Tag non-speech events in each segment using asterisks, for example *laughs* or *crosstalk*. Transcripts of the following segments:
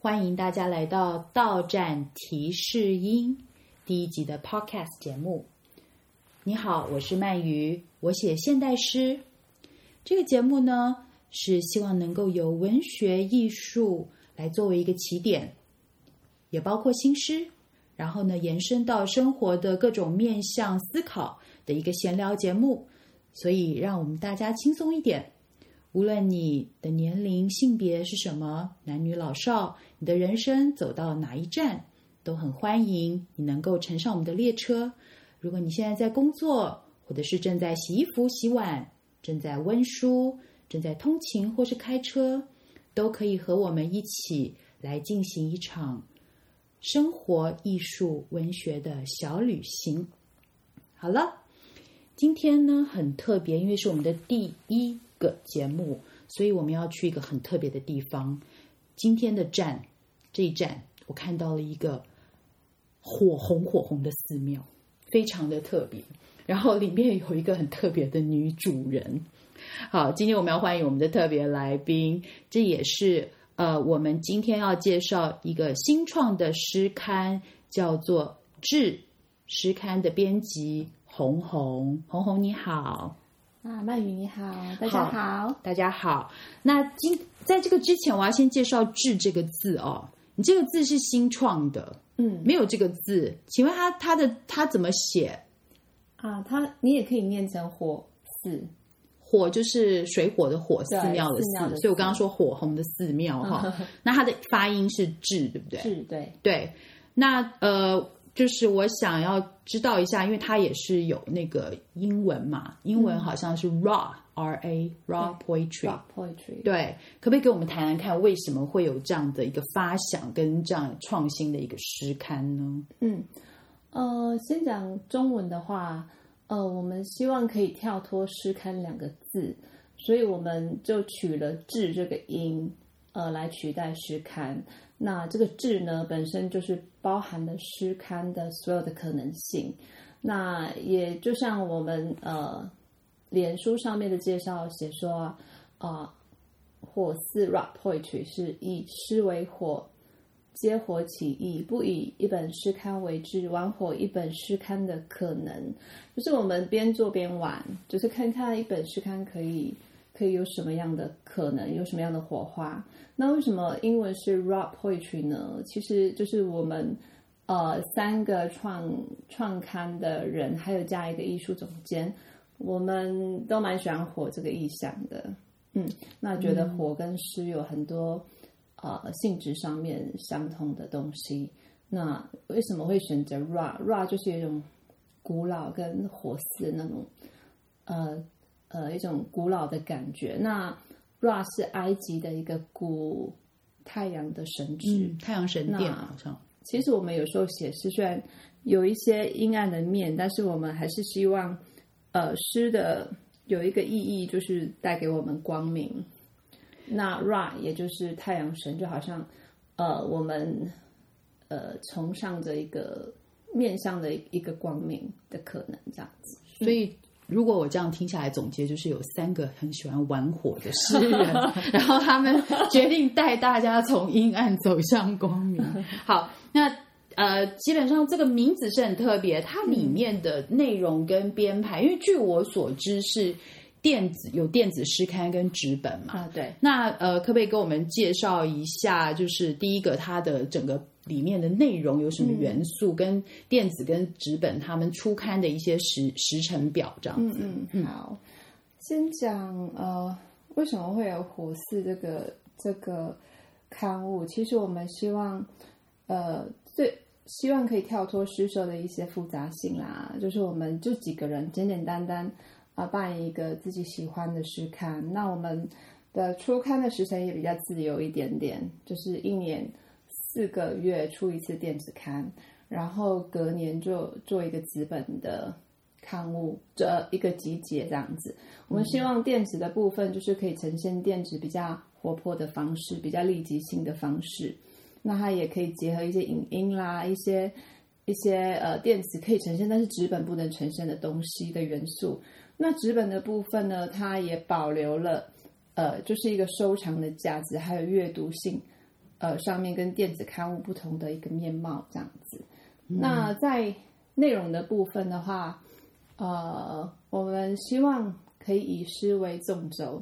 歡迎大家來到《到站提示音》第一集的 Podcast 節目。你好，我是漫漁，我寫現代詩。這個節目呢，是希望能夠由文學藝術來作為一個起點，也包括新詩，然後呢，延伸到生活的各種面向思考的一個閒聊節目，所以讓我們大家輕鬆一點。無論你的年齡、性別是什麼，男女老少，你的人生走到哪一站，都很歡迎你能夠乘上我們的列車。如果你現在在工作，或者是正在洗衣服、洗碗，正在溫書，正在通勤或是開車，都可以和我們一起來進行一場生活、藝術、文學的小旅行。好了，今天呢很特別，因為是我們的第一。個節目，所以我們要去一個很特別的地方。今天的站，這一站，我看到了一個火紅火紅的寺廟，非常的特別。然後裡面有一個很特別的女主人。好，今天我們要歡迎我們的特別來賓，這也是呃，我們今天要介紹一個新創的詩刊，叫做《志》詩刊的編輯紅紅，紅紅你好。啊，漫漁你好，大家好，好，大家好。那今在這個之前，我要先介紹“誌”這個字哦。你這個字是新創的，嗯，沒有這個字，請問他他的他怎麼寫？啊，他你也可以念成火“火寺”，火就是水火的火，寺廟對的寺，的所以我剛剛說火紅的寺廟哈、哦。嗯、那它的發音是“誌”，對不對？誌對對。那呃。就是我想要知道一下，因為它也是有那個英文嘛，英文好像是 Ra、嗯、R-A、Ra Poetry、嗯、Ra Poetry 對，可不可以給我們談談看為什麼會有這樣的一個發想跟這樣創新的一個詩刊呢？嗯，呃，先講中文的話，呃，我們希望可以跳脫詩刊兩個字，所以我們就取了誌這個音。呃，來取代詩刊。那這個志呢，本身就是包含了詩刊的所有的可能性。那也就像我們呃，臉書上面的介紹寫說啊、呃，火寺 Ra Poetry 是以詩為火，借火起義，不以一本詩刊為志，玩火一本詩刊的可能，就是我們邊做邊玩，就是看看一本詩刊可以。可以有什麼樣的可能，有什麼樣的火花？那為什麼英文是 Ra Poetry 呢？其實就是我們呃三個創創刊的人，還有加一個藝術總監，我們都蠻喜歡火這個意象的。嗯，那覺得火跟詩有很多、嗯、呃性質上面相同的東西。那為什麼會選擇 Ra？Ra 就是一種古老跟火似那種呃。呃，一種古老的感覺。那 Ra 是埃及的一個古太陽的神祇，嗯，太陽神殿那好像。其實我們有時候寫詩，雖然有一些陰暗的面，但是我們還是希望，呃，詩的有一個意義就是帶給我們光明。那 Ra 也就是太陽神，就好像呃，我們呃崇尚着一個面向的一個光明的可能，這樣子。所以。如果我這樣聽下來，總結就是有三個很喜歡玩火的詩人， *laughs* 然後他們決定帶大家從陰暗走向光明。 *laughs* 好，那呃，基本上這個名字是很特別，它裡面的內容跟編排，嗯、因為據我所知是電子有電子詩刊跟紙本嘛。啊，對。那呃，可不可以給我們介紹一下，就是第一個它的整個？裡面的內容有什麼元素？嗯、跟電子跟紙本他們出刊的一些時時程表這樣子。嗯，嗯好，嗯先講呃，為什麼會有《火寺》這個這個刊物？其實我們希望呃，最希望可以跳脫出版的一些複雜性啦，就是我們就幾個人簡簡單單啊辦一個自己喜歡的詩刊。那我們的出刊的時程也比較自由一點點，就是一年。四個月出一次電子刊，然後隔年就做一個紙本的刊物，這一個集結這樣子。我們希望電子的部分就是可以呈現電子比較活潑的方式，比較立即性的方式。那它也可以結合一些影音，音啦，一些一些呃電子可以呈現，但是紙本不能呈現的東西的元素。那紙本的部分呢，它也保留了呃，就是一個收藏的價值，還有閱讀性。呃，上面跟電子刊物，不同的一個面貌，這樣子。嗯、那在內容的部分的話，呃，我們希望可以以詩為縱軸，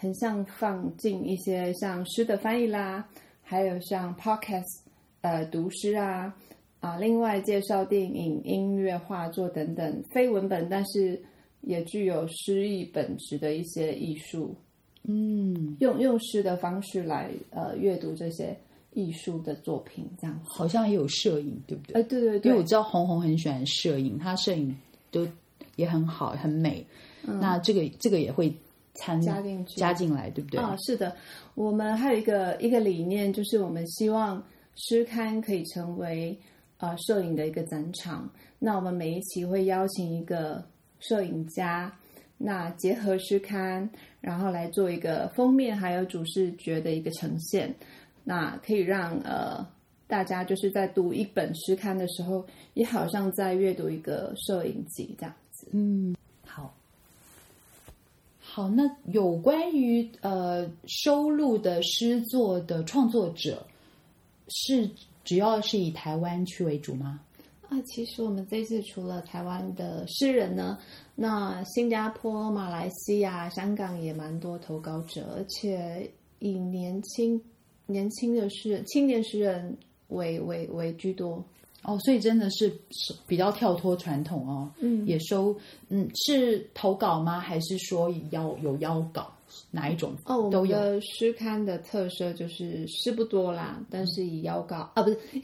橫向放進一些像詩的翻譯啦，還有像 podcast，呃，讀詩啊，啊，另外介紹電影、音樂、畫作等等，非文本，但是也具有詩意本質的一些藝術。嗯，用用詩的方式來呃閱讀這些藝術的作品，這樣子。好像也有攝影，對不對？哎、呃，對對對，因為我知道紅紅很喜歡攝影，她攝影都也很好，很美。嗯、那這個這個也會參加進去，加進來，對不對？啊、哦，是的。我們還有一個一個理念，就是我們希望詩刊可以成為啊、呃、攝影的一個展場。那我們每一期會邀請一個攝影家。那結合詩刊，然後來做一個封面，還有主視覺的一個呈現，那可以讓呃大家就是在讀一本詩刊的時候，也好像在閱讀一個攝影集這樣子。嗯，好，好。那有關於呃收錄的詩作的創作者，是主要是以台灣區為主嗎？啊，其實我們這次除了台灣的詩人呢。那新加坡、馬來西亞、香港也蠻多投稿者，而且以年輕、年輕的詩人、青年詩人為為為居多。哦，所以真的是比較跳脫傳統哦。嗯，也收，嗯，是投稿嗎？還是說邀有邀稿？哪一種？哦，我們的詩刊的特色就是詩不多啦，但是以邀稿、嗯、啊，不是， *laughs*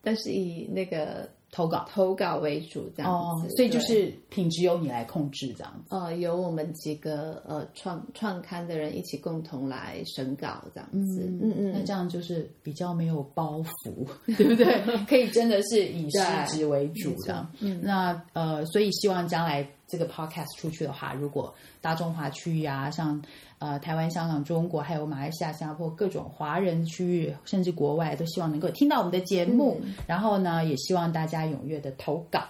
但是以那個。投稿投稿為主這樣子。哦，所以就是品質由你來控制這樣子。對呃，由我們幾個呃創創刊的人一起共同來審稿這樣子。嗯嗯嗯，嗯嗯，那這樣就是比較沒有包袱， *laughs* 對不對？ *laughs* 可以真的是以詩質為主的。這樣。嗯，那呃，所以希望將來這個 podcast 出去的話，如果大中華區域啊，像，呃台灣、香港、中國，還有馬來西亞、新加坡各種華人區域，甚至國外都希望能夠聽到我們的節目。嗯、然後呢，也希望大家踴躍的投稿。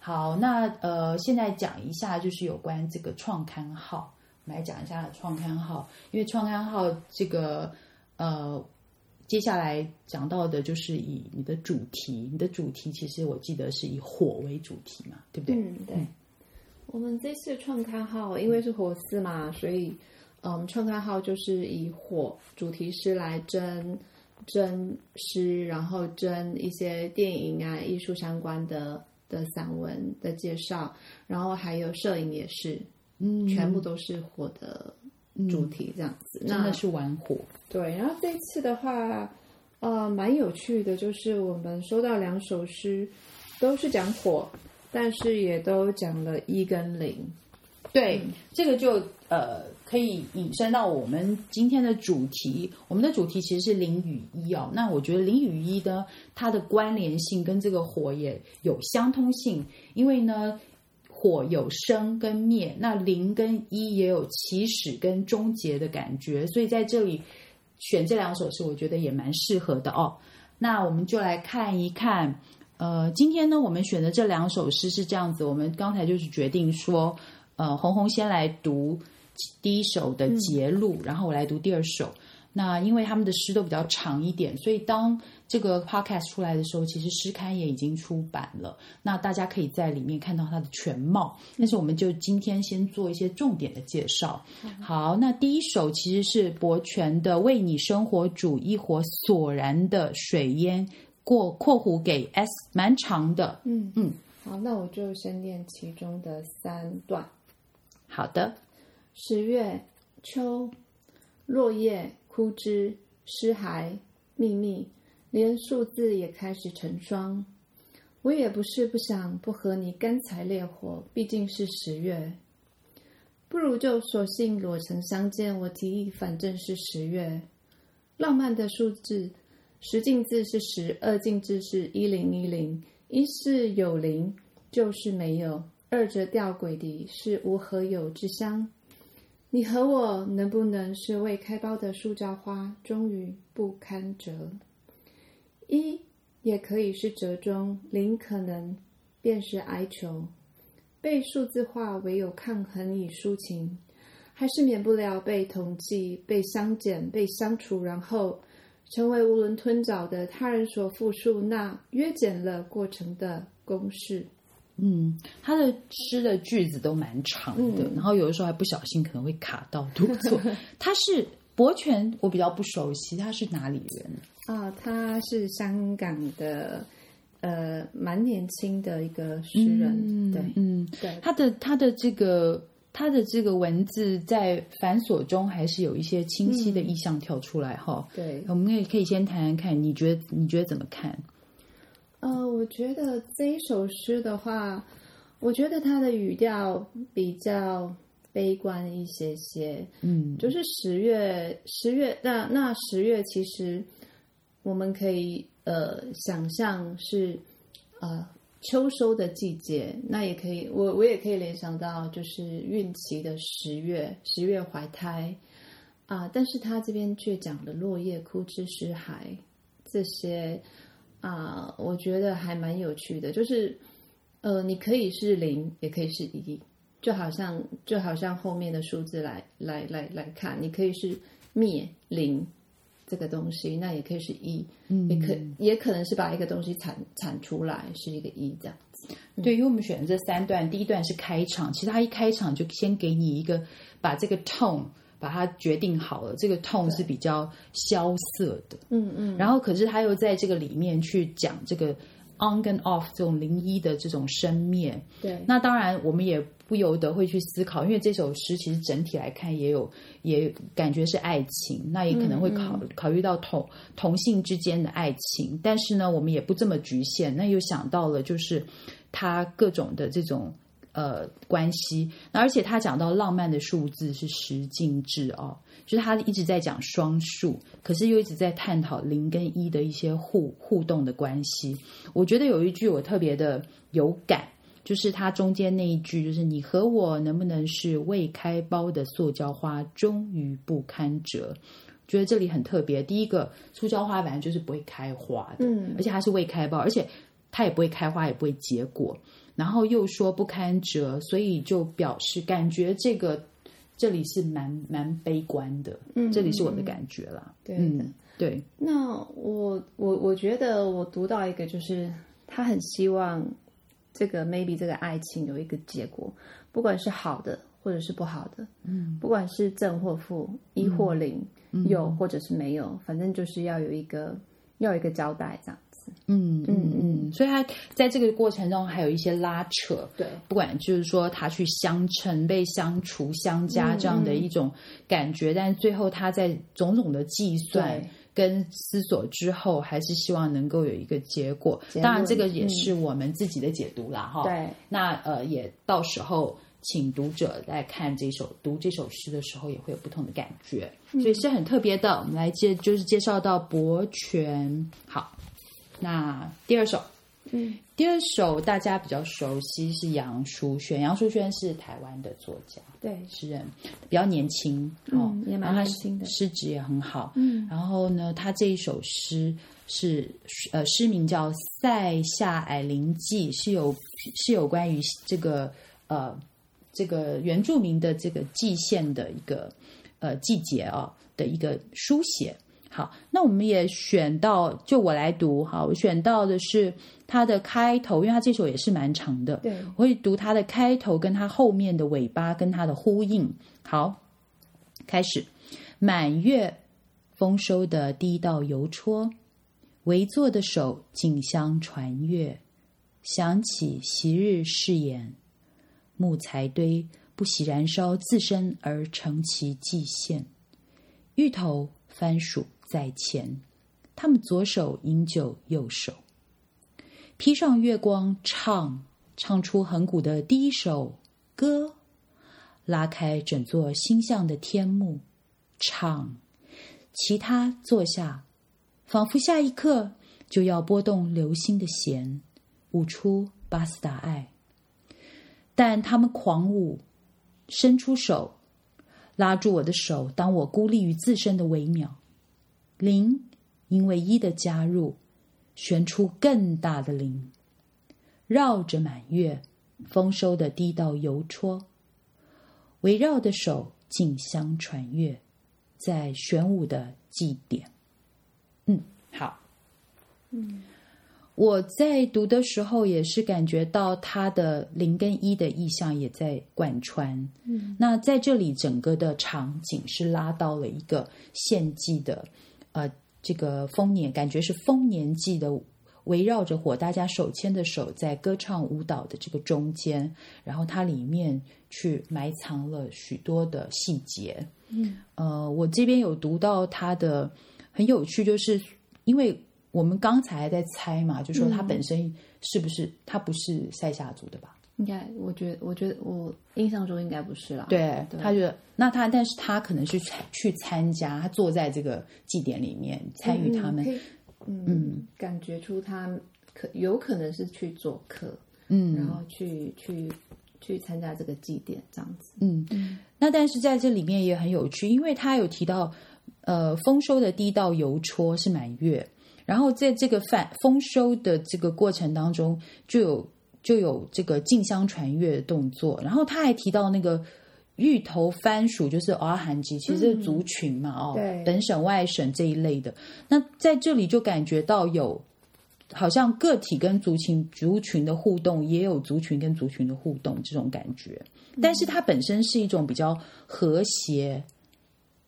好，那呃，現在講一下就是有關這個創刊號，我們來講一下創刊號，因為創刊號這個呃，接下來講到的就是以你的主題，你的主題其實我記得是以火為主題嘛，對不對？嗯、對。嗯我們這次創刊號，因為是火寺嘛，所以，嗯，創刊號就是以火主題詩來徵，徵詩，徵詩然後徵一些電影啊、藝術相關的的散文的介紹，然後還有攝影也是，嗯，全部都是火的主題，嗯、這樣子，真的是玩火。對，然後這次的話，呃，蠻有趣的，就是我們收到兩首詩，都是講火。但是也都講了一跟零，對，嗯，這個就呃可以引申到我們今天的主題。我們的主題其實是零與一哦。那我覺得零與一呢，它的關聯性跟這個火也有相通性，因為呢火有生跟滅，那零跟一也有起始跟終結的感覺。所以在這裡選這兩首詩，我覺得也蠻適合的哦。那我們就來看一看。呃，今天呢，我們選的這兩首詩是這樣子。我們剛才就是決定說，呃，紅紅先來讀第一首的節錄，嗯、然後我來讀第二首。那因為他們的詩都比較長一點，所以當這個 podcast 出來的時候，其實詩刊也已經出版了。那大家可以在裡面看到它的全貌。嗯、但是我們就今天先做一些重點的介紹。嗯、好，那第一首其實是伯權的《為你生活煮一壺索然的水煙》。過括弧，給 S 蠻長的，嗯嗯，嗯好，那我就先念其中的三段。好的，十月秋，落葉枯枝，屍骸密密，連數字也開始成雙。我也不是不想不和你乾柴烈火，畢竟是十月，不如就索性裸裎相見。我提議，反正是十月，浪漫的數字。十進制是十，二進制是一零一零。一是有，零就是沒有；二者弔詭的，是無何有之相。你和我，能不能是未開苞的塑膠花，終於不堪折？一也可以是折中，零可能便是哀求。被數字化，唯有抗衡與抒情，還是免不了被統計、被相減、被相除，然後。成為囫圇吞棗的他人所復述那約簡了過程的公式。嗯，他的詩的句子都蠻長的，嗯、然後有的時候還不小心可能會卡到讀錯。嗯、 *laughs* 他是伯權，我比較不熟悉，他是哪裡人？啊、哦，他是香港的，呃，蠻年輕的一個詩人。嗯、對，嗯，對，他的他的這個。他的這個文字在繁瑣中，還是有一些清晰的意象跳出來哈、嗯。對，我們也可以先談談看，你覺得你覺得怎麼看？呃，我覺得這一首詩的話，我覺得他的語調比較悲觀一些些。嗯，就是十月十月，那那十月其實我們可以呃想象是啊。呃秋收的季節，那也可以，我我也可以聯想到，就是孕期的十月，十月懷胎，啊，但是他這邊卻講了落葉、枯枝、屍骸，這些，啊，我覺得還蠻有趣的，就是，呃，你可以是零，也可以是一，就好像就好像後面的數字來來來來看，你可以是滅零。這個東西，那也可以是一、e, 嗯，也可也可能是把一個東西產產出來，是一個一、e, 這樣子。對於、嗯、我們選擇這三段，第一段是開場，其實他一開場就先給你一個把這個 tone 把它決定好了，這個 tone 是比較蕭瑟的，嗯嗯，對，然後可是他又在這個裡面去講這個。on 跟 off 這種零一的這種生滅，對，那當然我們也不由得會去思考，因為這首詩其實整體來看也有，也感覺是愛情，那也可能會考嗯嗯考慮到同同性之間的愛情，但是呢，我們也不這麼局限，那又想到了就是他各種的這種。呃，關係，那而且他講到浪漫的數字是十進制哦，就是他一直在講雙數，可是又一直在探討零跟一的一些互互動的關係。我覺得有一句我特別的有感，就是他中間那一句，就是“你和我能不能是未開苞的塑膠花，終於不堪折？”覺得這裡很特別。第一個，塑膠花反正就是不會開花的，嗯，而且它是未開苞，而且它也不會開花，也不會結果。然後又說不堪折，所以就表示感覺這個這裡是蠻蠻悲觀的，嗯，這裡是我的感覺啦，對的嗯，對。那我我我覺得我讀到一個就是他很希望這個 maybe 這個愛情有一個結果，不管是好的或者是不好的，嗯，不管是正或負，一或零，嗯、有或者是沒有，嗯、反正就是要有一個要有一個交代這樣。嗯嗯嗯，所以他在這個過程中還有一些拉扯，對，不管就是說他去相乘、被相除、相加這樣的一種感覺，嗯嗯、但最後他在種種的計算跟思索之後，還是希望能夠有一個結果。對當然，這個也是我們自己的解讀啦，嗯、哈。對，那呃，也到時候請讀者來看這首讀這首詩的時候，也會有不同的感覺，嗯、所以是很特別的。我們來介就是介紹到伯權，好。那第二首，嗯，第二首大家比較熟悉是楊淑軒，楊淑軒是台灣的作家，對，詩人，比較年輕、嗯、哦，然後他的詩集也很好，嗯，然後呢，他這一首詩是，呃，詩名叫《賽夏矮靈祭》，是有是有關於這個呃這個原住民的這個季縣的一個呃季節啊、哦、的一個書寫。好，那我們也選到，就我來讀哈。我選到的是它的開頭，因為它這首也是蠻長的，對，我會讀它的開頭，跟它後面的尾巴，跟它的呼應。好，開始，滿月豐收的第一道郵戳，圍坐的手，競相傳閱，想起昔日誓言，木柴堆不惜燃燒自身，而成其際限。芋頭、番薯。在前，他們左手飲酒，右手披上月光，唱，唱出恆古的第一首歌，拉開整座星象的天幕，唱，其他坐下，仿佛下一刻就要撥動流星的弦，舞出巴斯達愛，但他們狂舞，伸出手，拉住我的手，當我孤立於自身的微渺。零，因為一的加入，旋出更大的零，繞着滿月，豐收的地道郵戳，圍繞的手，競相傳閱，在玄武的祭典。嗯，好，嗯，我在讀的時候也是感覺到他的零跟一的意象也在貫穿。嗯，那在這裡整個的場景是拉到了一個獻祭的。呃，這個豐年感覺是豐年祭的，圍繞着火，大家手牽着手在歌唱舞蹈的這個中間，然後它裡面去埋藏了許多的細節。嗯，呃，我這邊有讀到它的很有趣，就是因為我們剛才還在猜嘛，就是、說它本身是不是、嗯、它不是賽夏族的吧？應該，我覺得，我覺得，我印象中應該不是啦。對，對。他覺得那他，但是他可能是去參加，他坐在這個祭典裡面，參與他們。嗯，嗯嗯感覺出他可有可能是去做客，嗯，然後去去去參加這個祭典，這樣子。嗯嗯。嗯，那但是在這裡面也很有趣，因為他有提到，呃，豐收的第一道郵戳是滿月，然後在這個飯豐收的這個過程當中就有。就有這個競相傳閱的動作，然後他還提到那個芋頭、番薯，就是阿含吉，ji, 嗯、其實是族群嘛，哦，對本省、外省這一類的。那在這裡就感覺到有，好像個體跟族群、族群的互動，也有族群跟族群的互動這種感覺。嗯、但是它本身是一種比較和諧，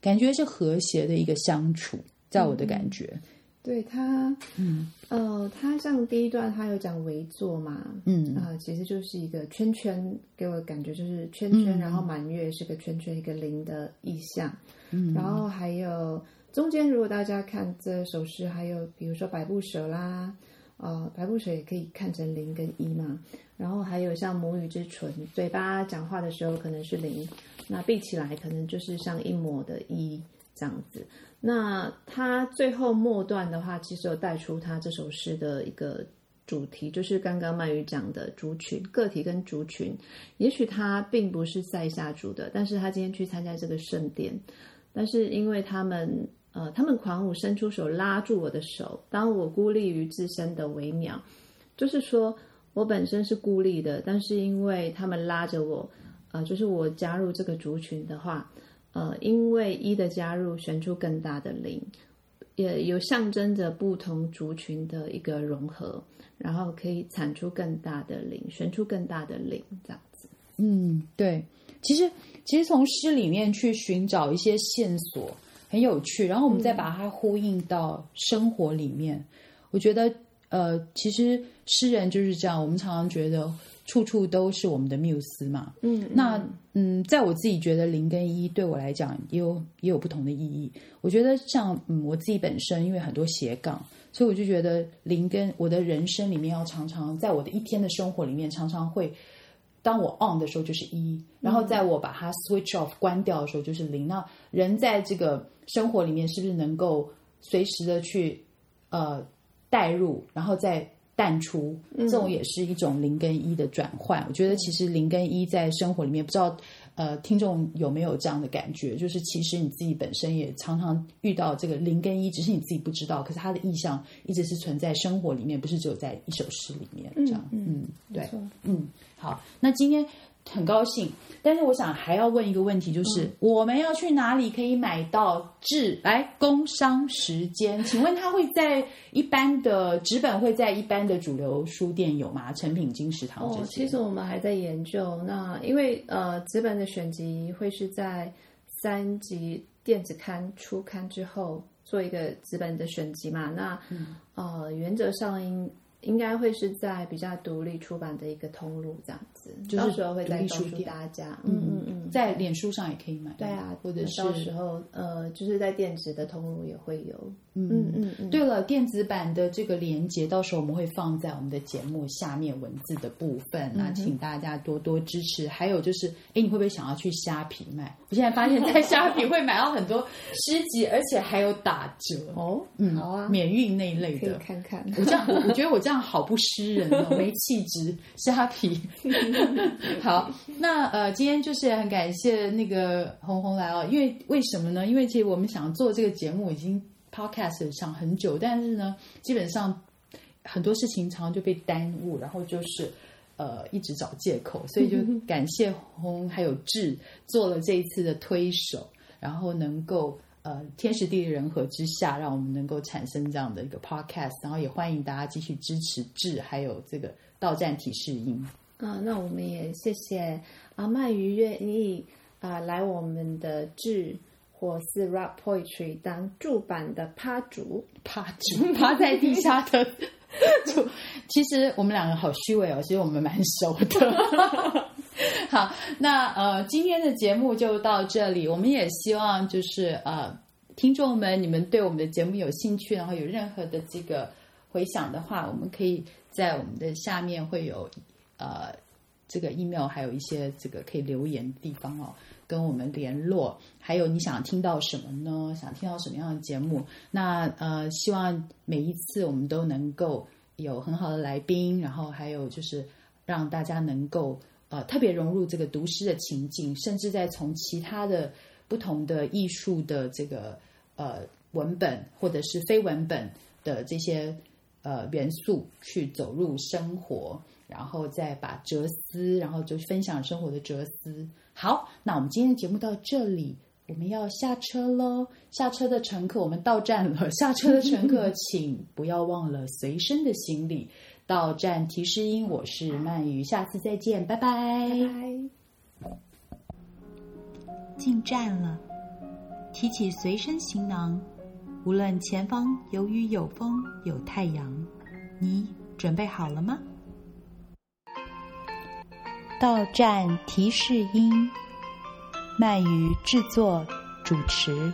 感覺是和諧的一個相處，在我的感覺。嗯對他，嗯，呃，他像第一段，他有講圍坐嘛，嗯，啊、呃，其實就是一個圈圈，給我的感覺就是圈圈，嗯，然後滿月是個圈圈，一個零的意象，嗯，然後還有中間，如果大家看這首詩，還有比如說百步蛇啦，呃，百步蛇也可以看成零跟一嘛，然後還有像母語之唇，嘴巴講話的時候可能是零，那閉起來可能就是像一抹的一。這樣子，那他最後末段的話，其實有帶出他這首詩的一個主題，就是剛剛漫漁講的族群個體跟族群。也許他並不是賽夏族的，但是他今天去參加這個盛典，但是因為他們呃，他們狂舞，伸出手拉住我的手，當我孤立於自身的微秒，就是說我本身是孤立的，但是因為他們拉着我，呃，就是我加入這個族群的話。呃，因為一的加入，選出更大的零，也有象徵着不同族群的一個融合，然後可以產出更大的零，選出更大的零，這樣子。嗯，對。其實，其實從詩裡面去尋找一些線索，很有趣。然後我們再把它呼應到生活裡面，嗯，我覺得，呃，其實詩人就是這樣。我們常常覺得。處處都是我們的繆斯嘛。嗯，那嗯，在我自己覺得零跟一對我來講也有也有不同的意義。我覺得像嗯我自己本身因為很多斜槓，所以我就覺得零跟我的人生裡面要常常在我的一天的生活裡面常常會，當我 on 的時候就是一，嗯，然後在我把它 switch off 關掉的時候就是零。那人在這個生活裡面是不是能夠隨時的去呃帶入，然後再。淡出，這種也是一種零跟一的轉換。嗯，我覺得其實零跟一在生活裡面，不知道呃聽眾有沒有這樣的感覺？就是其實你自己本身也常常遇到這個零跟一，只是你自己不知道，可是他的意象一直是存在生活裡面，不是只有在一首詩裡面這樣。嗯，嗯對，沒錯，嗯，好，那今天。很高興，但是我想還要問一個問題，就是、嗯、我們要去哪裡可以買到誌《誌》來，工商時間？請問它會在一般的紙本會在一般的主流書店有嗎？誠品、金石堂、哦、其實我們還在研究。那因為呃，紙本的選集會是在三級電子刊出刊之後做一個紙本的選集嘛？那、嗯、呃，原則上應。應該會是在比較獨立出版的一個通路這樣子，就是說會再告訴大家。哦、嗯嗯嗯，在臉書上也可以買對。對啊，或者是到時候呃，就是在電子的通路也會有。嗯嗯嗯，嗯對了，電子版的這個鏈接，到時候我們會放在我們的節目下面文字的部分。那、嗯、請大家多多支持。嗯、還有就是，誒，你會不會想要去蝦皮賣？我現在發現，在蝦皮會買到很多詩集， *laughs* 而且還有打折哦。嗯，好啊，免運那一類的，可以看看。 *laughs* 我這樣我，我覺得我這樣好不詩人哦，沒氣質。蝦皮， *laughs* 嗯、好。那呃，今天就是很感謝那個紅紅來哦，因為為什麼呢？因為其實我們想做這個節目已經。podcast 想很久，但是呢，基本上很多事情常常就被耽誤，然後就是呃一直找借口，所以就感謝紅還有志做了這一次的推手，然後能夠呃天時地利人和之下，讓我們能夠產生這樣的一個 podcast，然後也歡迎大家繼續支持志，還有這個到站提示音啊，那我們也謝謝阿漫漁願意啊來我們的志或是 rap poetry 當柱版的趴主趴主趴在地下的 *laughs* 其實我們兩個好虛偽哦。其實我們蠻熟的。 *laughs* 好，那呃今天的節目就到這裡。我們也希望就是呃聽眾們你們對我們的節目有興趣，然後有任何的這個回響的話，我們可以在我們的下面會有呃這個 email 還有一些這個可以留言的地方哦。跟我們聯絡，還有你想聽到什麼呢？想聽到什麼樣的節目？那呃，希望每一次我們都能夠有很好的來賓，然後還有就是讓大家能夠呃特別融入這個讀詩的情境，甚至在從其他的不同的藝術的這個呃文本或者是非文本的這些。呃，元素，去走入生活，然後再把哲思，然後就分享生活的哲思。好，那我們今天節目到這裡，我們要下車嘍。下車的乘客，我們到站了。下車的乘客， *laughs* 請不要忘了隨身的行李。到站提示音，我是漫漁，下次再見，拜拜。進拜站了，提起隨身行囊。無論前方有雨有風有太陽，你準備好了嗎？到站提示音，漫漁製作主持。